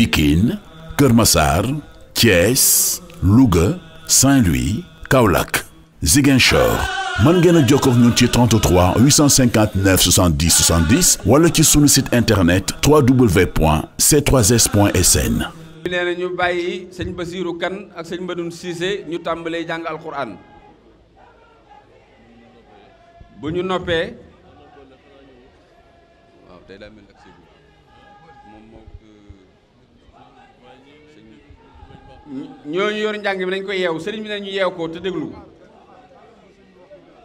Pikine Kër masar Thiès Louga Saint-Louis Kaolack Ziguinchor mën ngeen a jokkoo ak ñun ci 33 859 70 70 wala ci sunu site internet www.c3s.sn. ñu nee na ñu bàyyi sëñ Basirou Kane ak sëñ Madoune Cissé ñu tàmbalee jàng alquran ñu noppee waaw tey daa mel ñooñu yor njàng bi dañ ko yeew sëriñ bi ne ñu yeew ko te déglu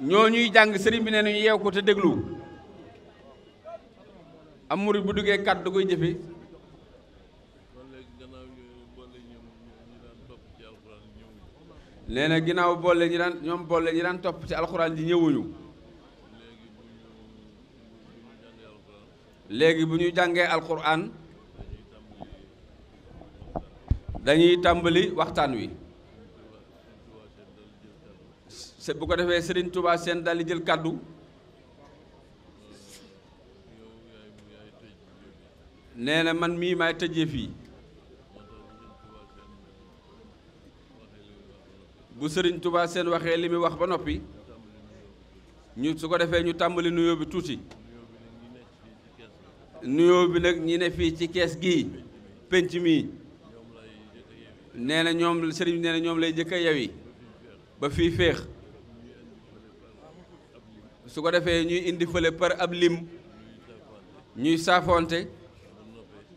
ñuy jàng sëriñ bi ne ñu yeew ko te déglu am murit bu duggee kàddu da koy jëfe nee na ginnaaw boole ñi daan ñoom boole ñi daan topp ci alxuraan ji ñëwuñu léegi bu ñuy jàngee alxuraan dañuy tàmbali waxtaan wi bu ko defee sëriñ tubaa seen daldi jël kàddu nee na man mii maay tëjee fii bu sëriñ tubaa seen waxee li muy wax ba noppi ñu su ko defee ñu tàmbali nuyoo bi tuuti nuyoo bi nag ñi ne fii ci kees gi penc mii. nee na ñoom sëriñ bi nee ñoom lay njëkk a yawi ba fii féex su ko defee ñuy indi fële par ab lim ñuy saafonte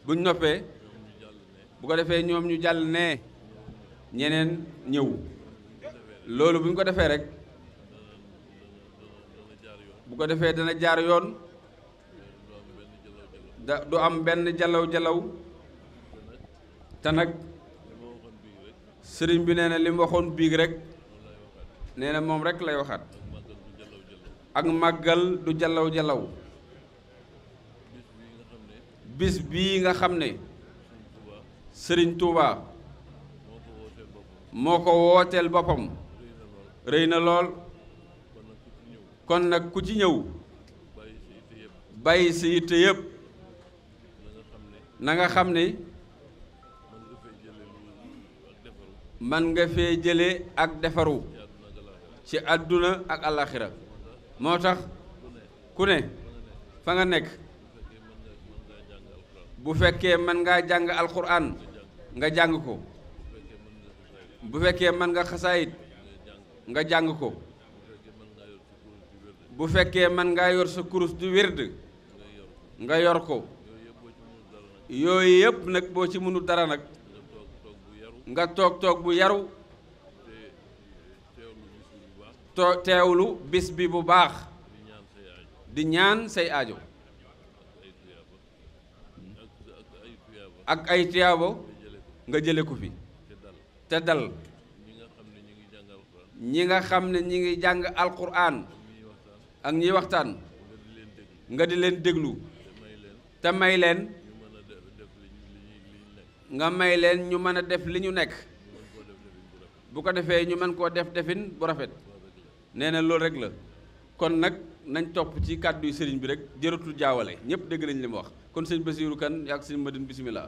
buñ noppee bu ko defee ñoom ñu jàll nee ñeneen ñëw loolu buñ ko defee rek bu ko defee dana jaar yoon du am benn jalaw jalaw te nag sëriñ bi nee na li biig rek nee na moom rek lay waxaat ak màggal du jalaw jalaw bis bii nga xam ne sëriñ tuuba moo ko wooteel boppam rëy na lool kon nag ku ci ñëw bàyyi si yitte yépp na nga xam ne man nga fee jële ak defaru ci àdduna ak àllaaxira moo tax ku ne fa nga nekk bu fekkee man ngaa jàng alxuraan nga jàng ko bu fekkee man nga xasaayit nga jàng ko bu fekkee man ngaa yor sa kurus du wérd nga yor ko yooyu yëpp nag boo ci mënul dara nag nga toog toog bu yaru to teewlu bis bi bu baax di ñaan say ajo ak ay tiyaabo nga jële ko fi te dal ñi nga xam ne ñi ngi jàng alquran ak ñiy waxtaan nga di leen déglu te may leen nga may leen ñu mën a def li ñu nekk bu ko defee ñu mën koo def defin bu rafet nee na loolu rek la kon nag nañ topp ci kàddu yu sëriñ bi rek jëratul jaawale ñëpp dégg nañ li wax kon sëñ Basiiru Kan yaak sëñ Madine bisimilah.